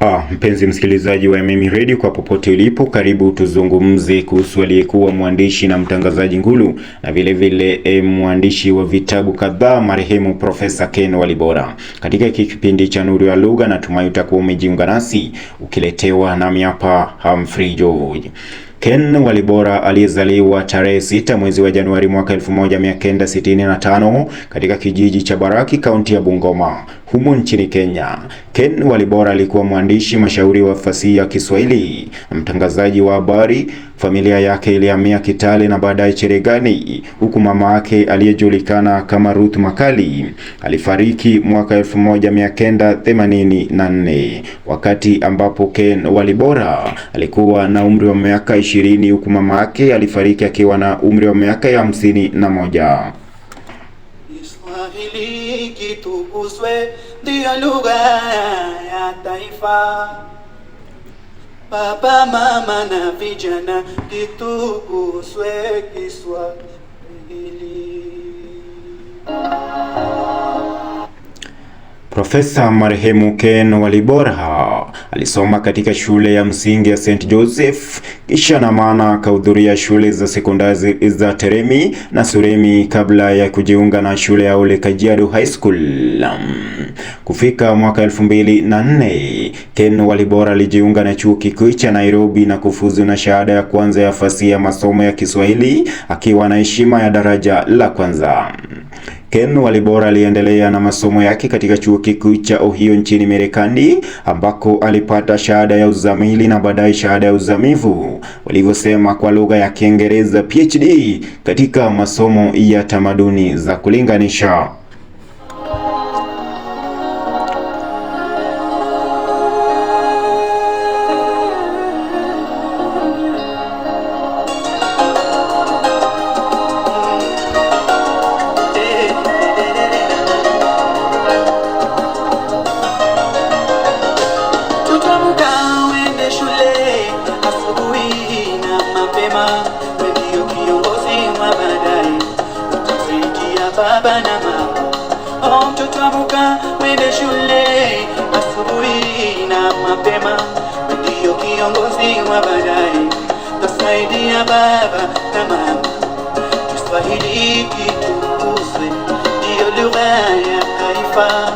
Ah, mpenzi msikilizaji wa MM Radio kwa popote ulipo, karibu tuzungumze kuhusu aliyekuwa mwandishi na mtangazaji ngulu na vilevile vile, e, mwandishi wa vitabu kadhaa marehemu Profesa Ken Walibora. Katika hiki kipindi cha Nuru ya Lugha, natumai utakuwa umejiunga nasi ukiletewa nami hapa Humphrey George. Ken Walibora aliyezaliwa tarehe 6 mwezi wa Januari mwaka 1965 katika kijiji cha Baraki kaunti ya Bungoma humo nchini Kenya. Ken Walibora alikuwa mwandishi mashauri wa fasihi ya Kiswahili, mtangazaji wa habari Familia yake ilihamia Kitale na baadaye Cherengani, huku mama yake aliyejulikana kama Ruth Makali alifariki mwaka 1984 wakati ambapo Ken Walibora alikuwa na umri wa miaka ishirini huku mama yake alifariki akiwa na umri wa miaka ya hamsini na moja. Kiswahili kitukuzwe, lugha ya taifa. Papa, mama na vijana, kitukuzwe Kiswahili. Profesa marehemu Ken Walibora alisoma katika shule ya msingi ya St. Joseph kisha na maana akahudhuria shule za sekondari za Teremi na Suremi kabla ya kujiunga na shule ya Ole Kajiado High School. Kufika mwaka 2004, Ken Walibora alijiunga na chuo kikuu cha Nairobi na kufuzu na shahada ya kwanza ya fasihi ya masomo ya Kiswahili akiwa na heshima ya daraja la kwanza. Ken Walibora aliendelea na masomo yake katika chuo kikuu cha Ohio nchini Marekani ambako alipata shahada ya uzamili na baadaye shahada ya uzamivu walivyosema kwa lugha ya Kiingereza PhD katika masomo ya tamaduni za kulinganisha. mwema, wewe ndio kiongozi wa baadaye, utasaidia baba na mama. O mtoto amka, mwende shule asubuhi na mapema, ndio kiongozi wa baadaye, utasaidia baba na mama. Kiswahili kitukuzwe, ndio lugha ya taifa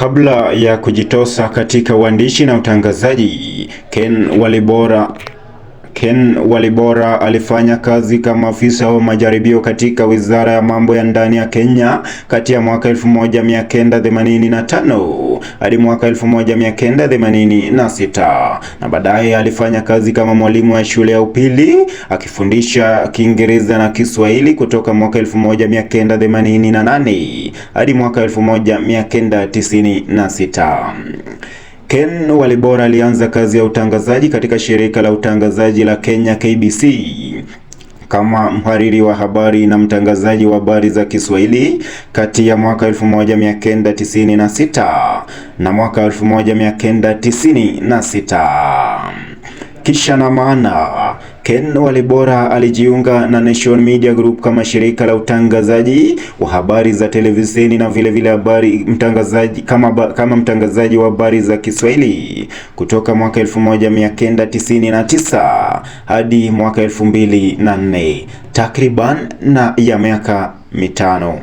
Kabla ya kujitosa katika uandishi na utangazaji, Ken Walibora Ken Walibora alifanya kazi kama afisa wa majaribio katika Wizara ya Mambo ya Ndani ya Kenya kati ya mwaka 1985 hadi mwaka 1986 na baadaye alifanya kazi kama mwalimu wa shule ya upili akifundisha Kiingereza na Kiswahili kutoka mwaka 1988 hadi mwaka 1996. Ken Walibora alianza kazi ya utangazaji katika shirika la utangazaji la Kenya KBC kama mhariri wa habari na mtangazaji wa habari za Kiswahili kati ya mwaka 1996 na mwaka 1996 kisha na maana. Ken Walibora alijiunga na Nation Media Group kama shirika la utangazaji wa habari za televisheni na vile vile habari mtangazaji kama, kama mtangazaji wa habari za Kiswahili kutoka mwaka 1999 hadi mwaka 2004 takriban na ya miaka mitano.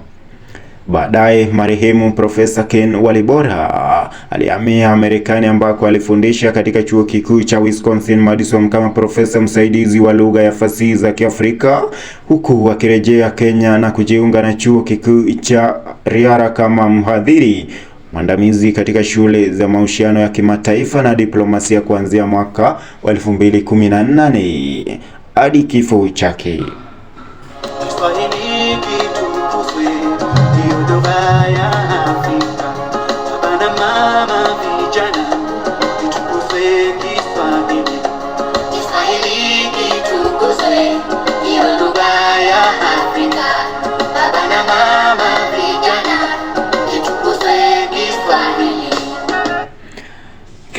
Baadaye marehemu Profesa Ken Walibora alihamia Marekani ambako alifundisha katika chuo kikuu cha Wisconsin Madison kama profesa msaidizi wa lugha ya fasihi za Kiafrika, huku akirejea Kenya na kujiunga na chuo kikuu cha Riara kama mhadhiri mwandamizi katika shule za mahusiano ya kimataifa na diplomasia kuanzia mwaka wa 2018 hadi kifo chake.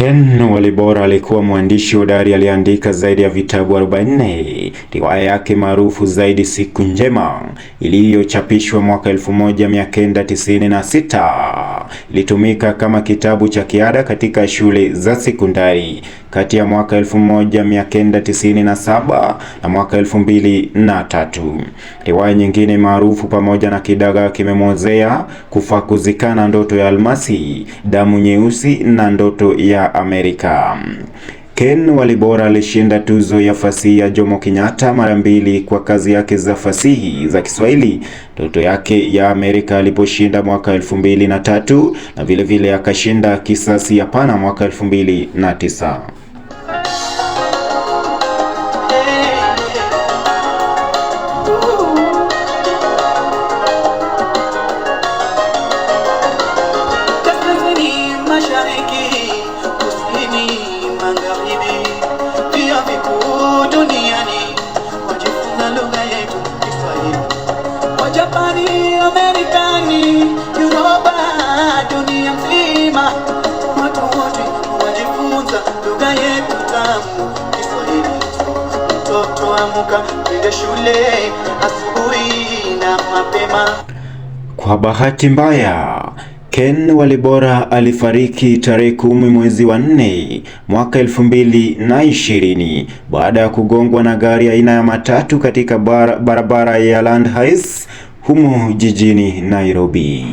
Ken Walibora alikuwa mwandishi hodari aliyeandika zaidi ya vitabu 40. Riwaya yake maarufu zaidi Siku Njema iliyochapishwa mwaka 1996 ilitumika kama kitabu cha kiada katika shule za sekondari kati ya mwaka 1997 na mwaka 2003. Riwaya nyingine maarufu pamoja na Kidagaa Kimemwozea, Kufa Kuzikana, Ndoto ya Almasi, Damu Nyeusi na Ndoto ya Amerika. Ken Walibora alishinda tuzo ya fasihi ya Jomo Kenyatta mara mbili kwa kazi yake za fasihi za Kiswahili, ndoto yake ya Amerika aliposhinda mwaka elfu mbili na tatu na vilevile akashinda kisasi ya Pana mwaka elfu mbili na tisa. asubuhi na mapema. Kwa bahati mbaya Ken Walibora alifariki tarehe kumi mwezi wa nne mwaka elfu mbili na ishirini baada ya kugongwa na gari aina ya matatu katika bar barabara ya Land Heights humo jijini Nairobi.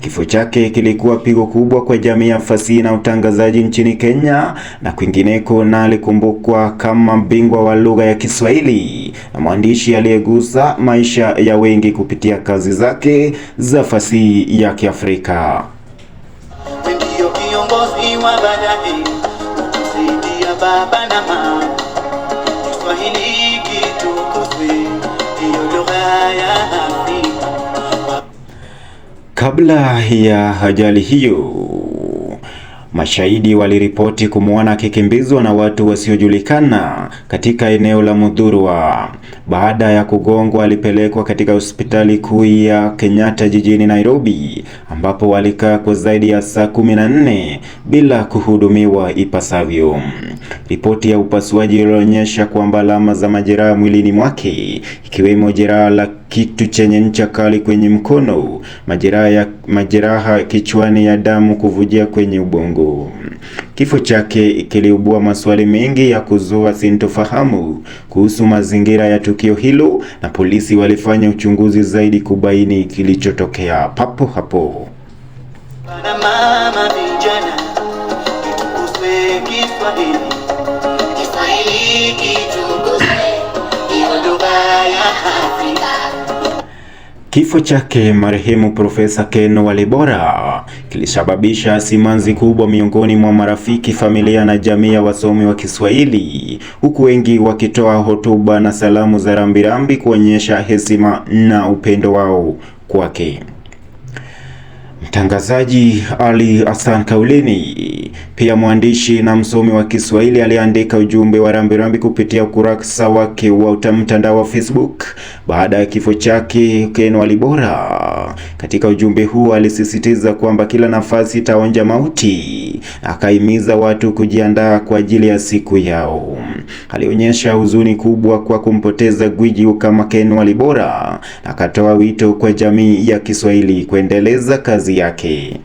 Kifo chake kilikuwa pigo kubwa kwa jamii ya fasihi na utangazaji nchini Kenya na kwingineko, na alikumbukwa kama bingwa wa lugha ya Kiswahili na mwandishi aliyegusa maisha ya wengi kupitia kazi zake za fasihi ya Kiafrika. Kabla ya ajali hiyo, mashahidi waliripoti kumwona akikimbizwa na watu wasiojulikana katika eneo la Muthurwa. Baada ya kugongwa, alipelekwa katika hospitali kuu ya Kenyatta jijini Nairobi, ambapo walikaa kwa zaidi ya saa kumi na nne bila kuhudumiwa ipasavyo. Ripoti ya upasuaji ilionyesha kwamba alama za majeraha mwilini mwake ikiwemo jeraha la kitu chenye ncha kali kwenye mkono, majeraha, ya, majeraha kichwani ya damu kuvujia kwenye ubongo. Kifo chake kiliibua maswali mengi ya kuzua sintofahamu kuhusu mazingira ya tukio hilo, na polisi walifanya uchunguzi zaidi kubaini kilichotokea papo hapo. Kifo chake marehemu Profesa Ken Walibora kilisababisha simanzi kubwa miongoni mwa marafiki, familia na jamii ya wasomi wa Kiswahili, huku wengi wakitoa hotuba na salamu za rambirambi kuonyesha heshima na upendo wao kwake. Mtangazaji Ali Hassan kaulini pia mwandishi na msomi wa Kiswahili aliandika ujumbe wa rambirambi kupitia ukurasa wake wa mtandao wa Facebook baada ya kifo chake Ken Walibora. Katika ujumbe huu alisisitiza kwamba kila nafasi itaonja mauti, akahimiza watu kujiandaa kwa ajili ya siku yao. Alionyesha huzuni kubwa kwa kumpoteza gwiji kama Ken Walibora, akatoa wito kwa jamii ya Kiswahili kuendeleza kazi yake.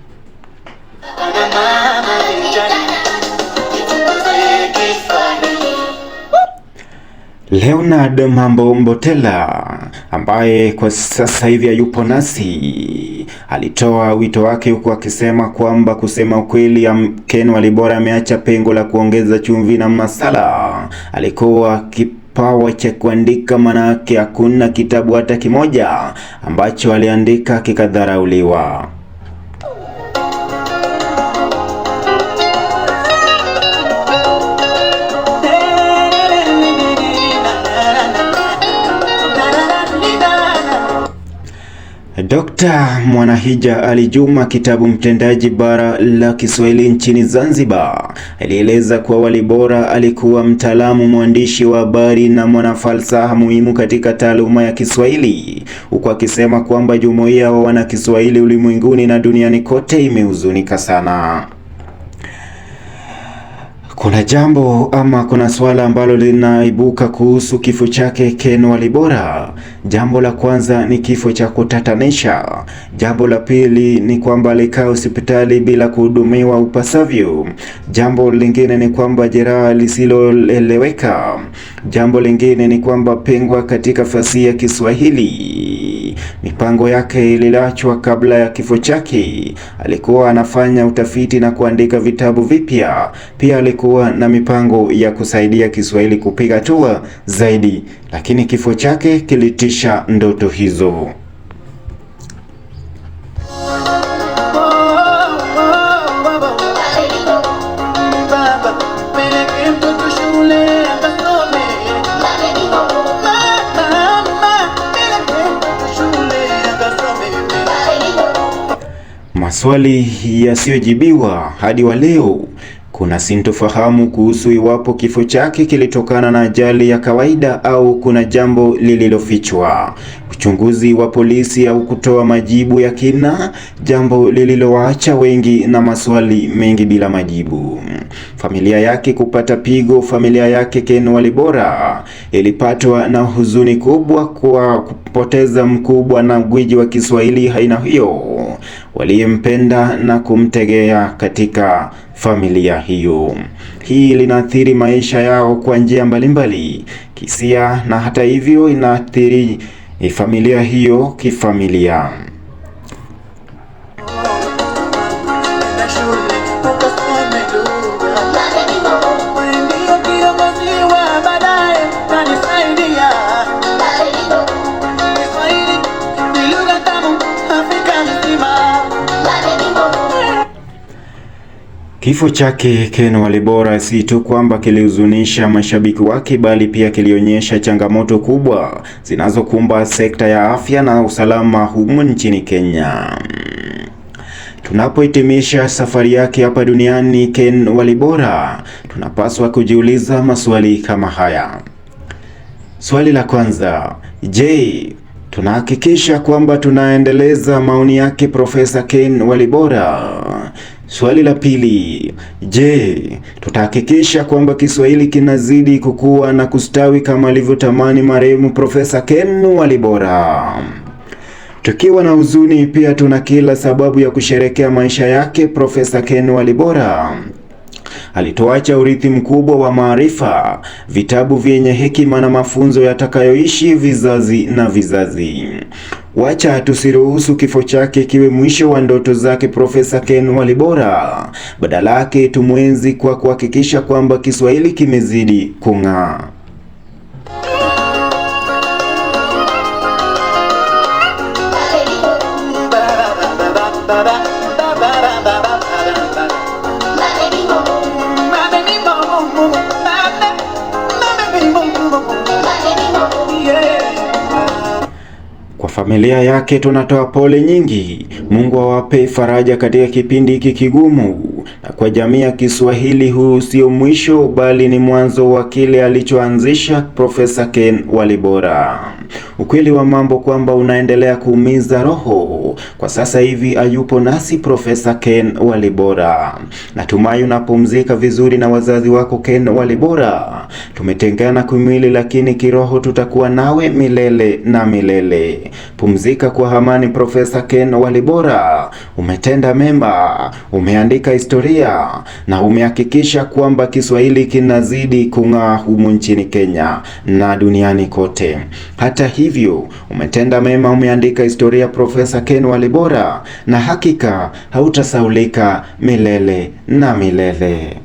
Leonard Mambo Mbotela ambaye kwa sasa hivi yupo nasi alitoa wito wake huku akisema kwamba kusema ukweli, Ken Walibora ameacha pengo la kuongeza chumvi na masala. Alikuwa kipawa cha kuandika, manake hakuna kitabu hata kimoja ambacho aliandika kikadharauliwa. Dr. Mwanahija Ali Juma, kitabu mtendaji bara la Kiswahili nchini Zanzibar, alieleza kuwa Wali Bora alikuwa mtaalamu, mwandishi wa habari na mwanafalsaha muhimu katika taaluma ya Kiswahili, huku akisema kwamba jumuiya wa wanakiswahili ulimwenguni na duniani kote imehuzunika sana. Kuna jambo ama kuna suala ambalo linaibuka kuhusu kifo chake Ken Walibora. Jambo la kwanza ni kifo cha kutatanisha. Jambo la pili ni kwamba alikaa hospitali bila kuhudumiwa upasavyo. Jambo lingine ni kwamba jeraha lisiloeleweka. Jambo lingine ni kwamba pengwa katika fasihi ya Kiswahili mipango yake iliachwa kabla ya kifo chake. Alikuwa anafanya utafiti na kuandika vitabu vipya. Pia alikuwa na mipango ya kusaidia Kiswahili kupiga hatua zaidi, lakini kifo chake kilitisha ndoto hizo. maswali yasiyojibiwa hadi wa leo kuna sintofahamu kuhusu iwapo kifo chake kilitokana na ajali ya kawaida au kuna jambo lililofichwa. Uchunguzi wa polisi haukutoa majibu ya kina, jambo lililowaacha wengi na maswali mengi bila majibu. Familia yake kupata pigo. Familia yake Ken Walibora ilipatwa na huzuni kubwa kwa kupoteza mkubwa na gwiji wa Kiswahili aina hiyo waliyempenda na kumtegea katika familia hiyo. Hii linaathiri maisha yao kwa njia mbalimbali, kisia na hata hivyo inaathiri familia hiyo kifamilia. Kifo chake Ken Walibora si tu kwamba kilihuzunisha mashabiki wake bali pia kilionyesha changamoto kubwa zinazokumba sekta ya afya na usalama humu nchini Kenya. Tunapohitimisha safari yake hapa duniani, Ken Walibora, tunapaswa kujiuliza maswali kama haya. Swali la kwanza, je, tunahakikisha kwamba tunaendeleza maoni yake Profesa Ken Walibora? Swali la pili, je, tutahakikisha kwamba Kiswahili kinazidi kukua na kustawi kama alivyotamani marehemu Profesa Ken Walibora? Tukiwa na huzuni, pia tuna kila sababu ya kusherekea maisha yake. Profesa Ken Walibora alituacha urithi mkubwa wa maarifa, vitabu vyenye hekima na mafunzo yatakayoishi vizazi na vizazi. Wacha tusiruhusu kifo chake kiwe mwisho wa ndoto zake Profesa Ken Walibora, badala yake tumwenzi kwa kuhakikisha kwamba Kiswahili kimezidi kung'aa. Familia yake tunatoa pole nyingi. Mungu awape faraja katika kipindi hiki kigumu, na kwa jamii ya Kiswahili, huu sio mwisho, bali ni mwanzo wa kile alichoanzisha Profesa Ken Walibora. Ukweli wa mambo kwamba unaendelea kuumiza roho kwa sasa hivi ayupo nasi Profesa Ken Walibora. Natumai unapumzika vizuri na wazazi wako Ken Walibora. Tumetengana kimwili, lakini kiroho tutakuwa nawe milele na milele. Pumzika kwa amani, Profesa Ken Walibora. Umetenda mema, umeandika historia na umehakikisha kwamba Kiswahili kinazidi kung'aa humu nchini Kenya na duniani kote. Hata hivyo, umetenda mema, umeandika historia Profesa Ken ni wale bora, na hakika hautasaulika milele na milele.